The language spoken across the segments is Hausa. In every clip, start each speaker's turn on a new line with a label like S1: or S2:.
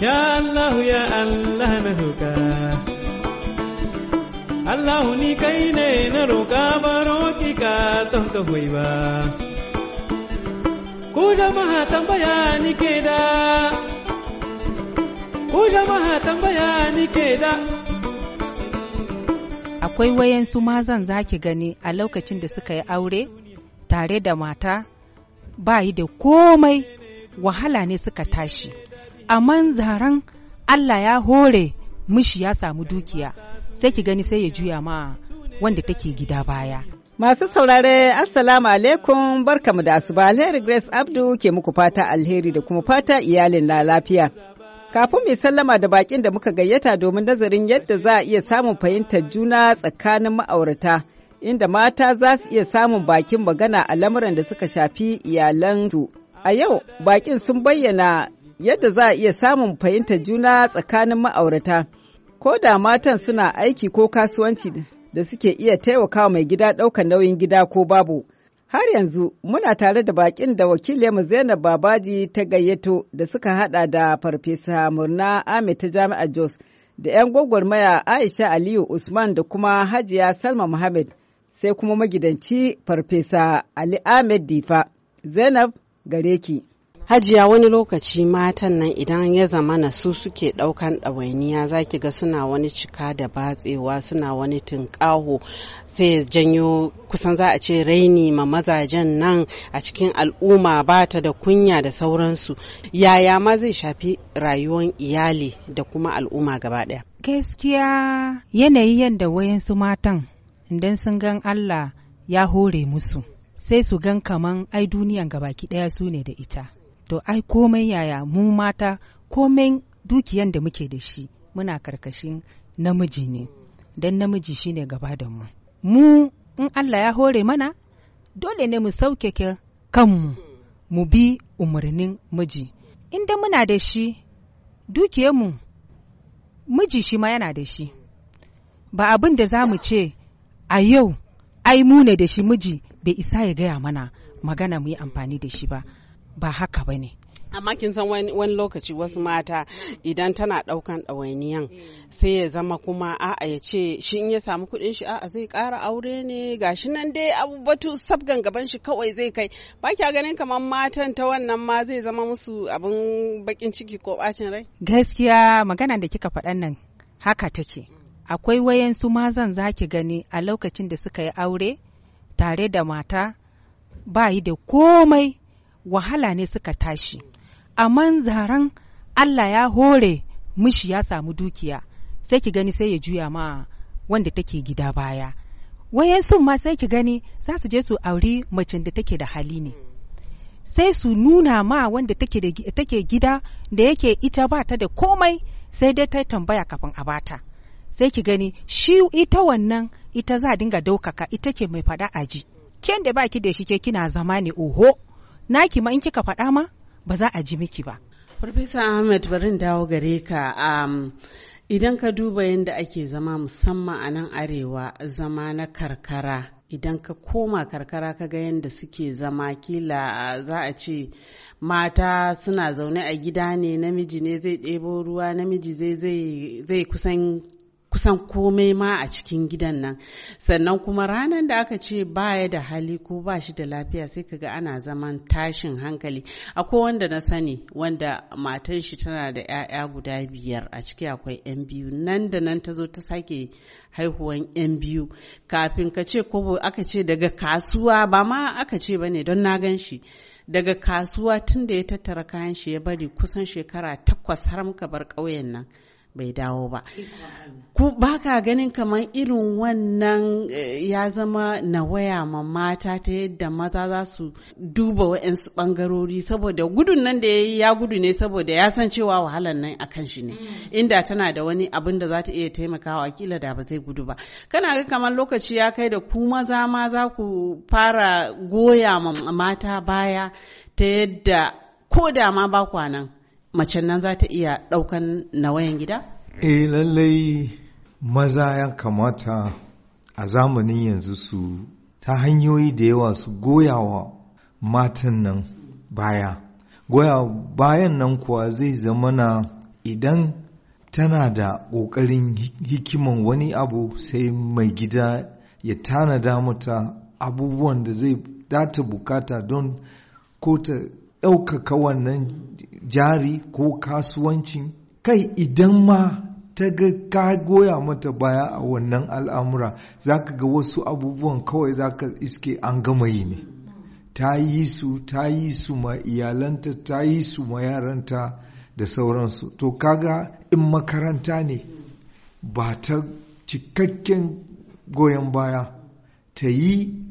S1: Ya Allah ya Allah na roƙa Allah ni kai ne na roƙa baro ki ka ton ka hoyi ba Ku jama'a tambaya ni ke da Ku jama'a tambaya ni ke da Akwai wayansu mazan zaki gani a lokacin da suka yi aure tare da mata ba yi da komai wahala ne suka tashi A manzaran Allah ya hore mishi ya samu dukiya sai ki gani sai ya juya ma wanda take gida baya
S2: Masu saurare Assalamu alaikum barkamu da asuba Alheri Grace Abdu ke muku fata alheri da kuma fata iyalin na lafiya. Kafin mai sallama da bakin da muka gayyata domin nazarin yadda za a iya samun fahimtar juna tsakanin ma'aurata inda mata za su iya samun bakin magana a lamuran da suka shafi iyalansu. A yau bakin sun bayyana yadda za a iya samun fahimtar juna tsakanin ma'aurata ko da matan suna aiki ko kasuwanci da suke iya taimakawa mai gida ɗaukar nauyin gida ko babu. Har yanzu muna tare da bakin da mu Zainab Babaji ta gayyato da suka hada da Farfesa Murna ame ta jami'a Jos da 'yan gwagwarmaya Aisha Aliyu Usman da kuma Hajiya Salma Muhammad sai kuma magidanci Farfesa Ali Ahmed Difa.
S3: Zainab gare ki. hajiya wani lokaci matan nan idan ya zama na su suke daukan ɗawainiya za ki ga suna wani cika da batsewa suna wani tunƙaho sai janyo kusan za a ce raini ma mazajen nan a cikin al'umma ba ta da kunya da sauransu yaya ma zai shafi rayuwar iyali da kuma al'umma gaba ɗaya
S1: gaskiya yanayi yadda wayansu matan idan sun gan allah ya hore musu sai su gan kaman ai duniyan gabaki ɗaya su ne da ita to ai komai yaya mu mata komai dukiyan da muke da shi muna karkashin namiji ne don namiji shine gaba da mu mu in Allah ya hore mana dole ne mu sauke kanmu mu bi umarnin miji inda muna da shi mu, miji shi ma yana da shi ba abin da za mu ce a yau ai mune ne da shi miji bai isa ya gaya mana magana mu yi amfani da shi ba ba haka ba ne
S3: amma kin san wani lokaci wasu mata idan tana daukan ɗawainiyan sai ya zama kuma a'a ya ce shi in ya samu kuɗin shi a'a zai ƙara aure ne gashi nan dai abubatu sabgan gaban shi kawai zai kai ba kya ganin kamar matan ta wannan ma zai zama musu abin bakin ciki ko bacin rai
S1: gaskiya magana da kika faɗan nan haka take akwai wayansu mazan zaki gani a lokacin da suka yi aure tare da mata ba yi da komai wahala ne suka tashi amma zaren Allah ya hore mishi ya samu dukiya sai ki gani sai ya juya ma wanda take gida baya sun ma sai ki gani za su je su auri macin da take da hali ne sai su nuna ma wanda take gida da yake ita ba ta da komai sai dai ta tambaya kafin a bata sai ki gani shi ita wannan ita za dinga daukaka ita ke mai fada aji ken da baki da shi ke kina zama ne oho naki ma in kika faɗa ma ba za a ji miki ba Farfesa Ahmed barin dawo
S3: gare ka um, idan ka duba yadda ake zama musamman a nan arewa zama na karkara idan ka koma karkara ka ga yadda suke zama kila uh, za a ce mata suna zaune a gida ne namiji ne zai ɗebo ruwa namiji zai kusan kusan komai ma a cikin gidan nan sannan kuma ranar da aka ce baya da hali ko ba shi da lafiya sai kaga ana zaman tashin hankali akwai wanda na sani wanda matan shi tana da 'ya'ya guda biyar a ciki akwai 'yan biyu nan da nan ta zo ta sake haihuwan 'yan biyu kafin ka ce kobo aka ce daga kasuwa ba ma aka ce ba ne don na gan shi daga kasuwa tun da ya tattara kayan shi ya bari kusan shekara takwas har muka bar ƙauyen nan bai dawo ba ku baka ganin kamar irin wannan eh, ya zama na waya ma mata ta yadda maza za su duba wa'yansu bangarori saboda gudun nan da ya ya gudu ne saboda ya san cewa wahalan nan a kan shi ne mm. inda tana da wani abin da za ta iya taimakawa kila da ba zai gudu ba kana ga kamar lokaci ya kai da ku maza ma za ku fara goya ma mata baya ta yadda ko da ma ba kwanan macen nan za ta iya ɗaukan nawayan gida?
S4: eh lallai maza ya kamata a zamanin yanzu su ta hanyoyi da yawa su goyawa matan nan baya goya bayan nan kuwa zai zamana idan tana da ƙoƙarin hikiman wani abu sai mai gida ya tanada mata abubuwan da zai data bukata don ko ta ɗaukaka wannan jari ko kasuwancin kai idan ma ta ga ka goya mata baya a wannan al'amura za ka ga wasu abubuwan kawai za ka iske an gama yi ne ta yi su ta yi su ma iyalanta ta yi su ma yaranta da sauransu to kaga in makaranta ne ba ta cikakken goyon baya ta yi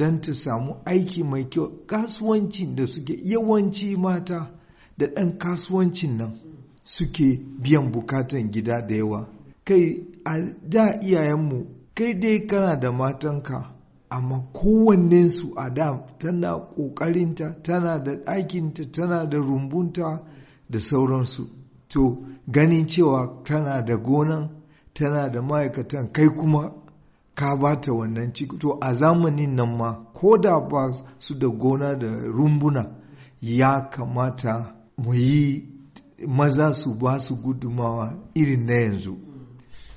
S4: don ta samu aiki mai kyau kasuwanci da suke yawanci mata da ɗan kasuwancin nan suke biyan bukatan gida da yawa kai a da iyayenmu kai dai kana da matanka amma kowannensu a da tana ƙoƙarinta tana da ɗakinta tana da rumbunta da sauransu to ganin cewa tana da gonan tana da ma'aikatan kai kuma ka bata wannan ciki to a zamanin nan ma ko da ba su da gona da rumbuna ya kamata mu yi maza su ba su gudumawa irin na yanzu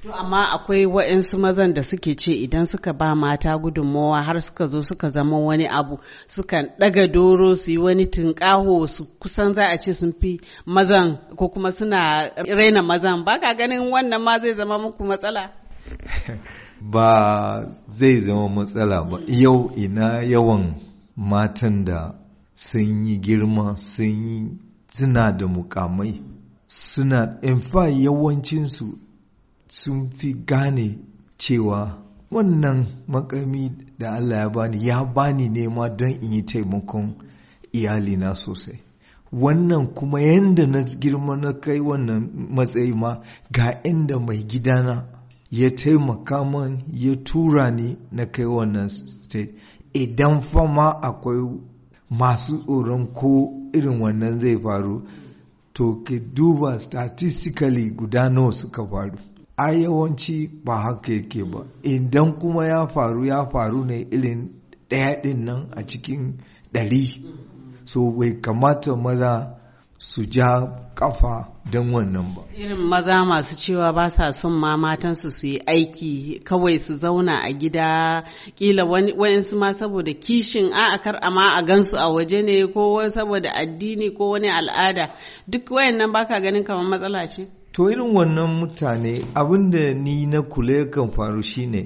S3: To amma akwai waɗansu mazan da suke ce idan suka ba mata gudummawa har suka zo suka zama wani abu sukan ɗaga doro su yi wani tunƙaho su kusan za a ce sun fi mazan ko kuma suna raina mazan ba ka ganin wannan ma zai zama muku matsala?
S4: ba zai zama matsala ba yau ina yawan matan da sun yi girma sun yi suna da mukamai suna fa yawancinsu sun fi gane cewa wannan makami da Allah ya bani ya bani nema don in yi taimakon iyalina sosai wannan kuma yadda na girma na kai wannan matsayi ma ga inda mai gidana ya taimaka man ya tura ni na kai wannan state idan fama akwai masu tsoron ko irin wannan zai faru to ki duba statistically guda nawa suka faru a yawanci ba haka yake ba idan kuma ya faru ya faru ne irin ɗaya ɗin nan a cikin ɗari so bai kamata maza su ja kafa don wannan ba.
S3: Irin maza masu cewa ba sa son ma matansu su yi aiki kawai su zauna a gida kila wayansu ma saboda kishin a kar a ma a gansu a waje ne ko saboda addini ko wani al'ada duk wayannan baka ganin kamar matsala
S4: ce? To irin wannan mutane abinda ni na kula kan faru shine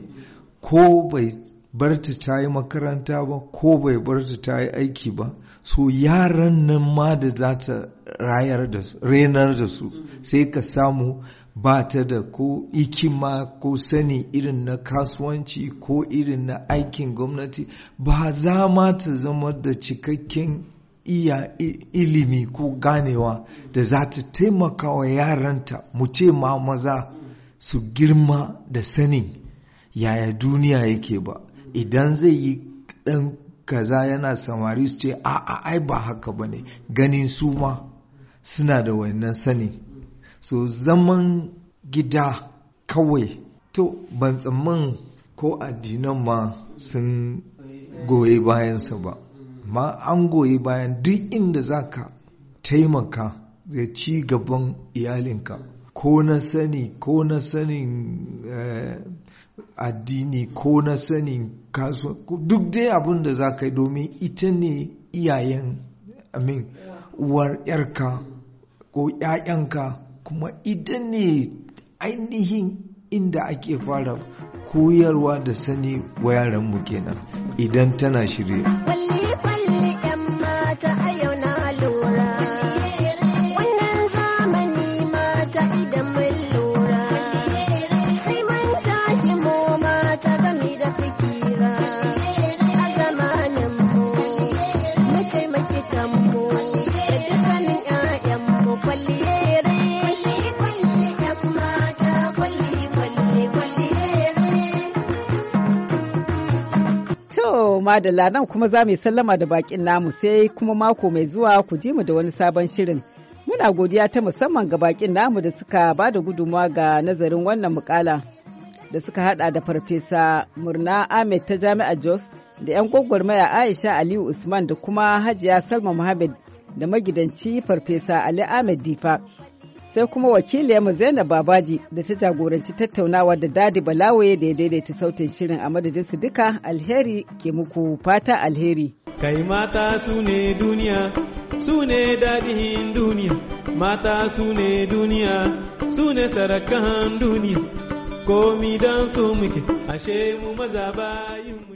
S4: ko bai barta ta yi makaranta ba ko bai barta ta yi aiki ba so yaran nan ma da za ta rayar da su renar da su sai ka samu ba ta da ko ikima ko sani irin na kasuwanci ko irin na aikin gwamnati ba za ma ta zama da cikakken iya ilimi ko ganewa da za ta taimaka wa yaranta mu ce ma maza su girma da sani yaya duniya yake ba idan zai yi ɗan kaza yana samari su ce a'a ai ba haka ba ne ganin su ma suna da wannan sani so zaman gida kawai to ban tsamman ko addinan ma sun goyi bayansa ba ma an goyi bayan duk inda za ka taimaka da ci gaban iyalinka ko na sani ko na sanin eh, addini ko na sanin kasuwa duk dai abin da za ka yi domin ita ne iyayen amin uwar yarka ko ‘ya'yanka kuma idan ne ainihin inda ake fara koyarwa da sani wa yaranmu kenan idan tana shirya.
S2: adala nan kuma za mu sallama da bakin namu sai kuma mako mai zuwa ku ji mu da wani sabon shirin. Muna godiya ta musamman ga bakin namu da suka ba da gudunmawa ga nazarin wannan mukala da suka hada da farfesa Murna Ahmed ta Jami'ar Jos da 'yan gwagwarmaya Aisha Aliyu Usman da kuma Hajiya Salma Muhammad da magidanci farfesa Ali Ahmed Difa. sai kuma wakiliyarmu Zainab Babaji da ta jagoranci tattaunawa da Dadi Balawaye da ya daidaita sautin shirin a madadin su duka alheri ke muku fata alheri.
S1: Kai mata su ne duniya, su ne dadihin duniya, mata su ne duniya, su ne sarakan duniya, komi don su muke, ashe
S2: mu maza bayin.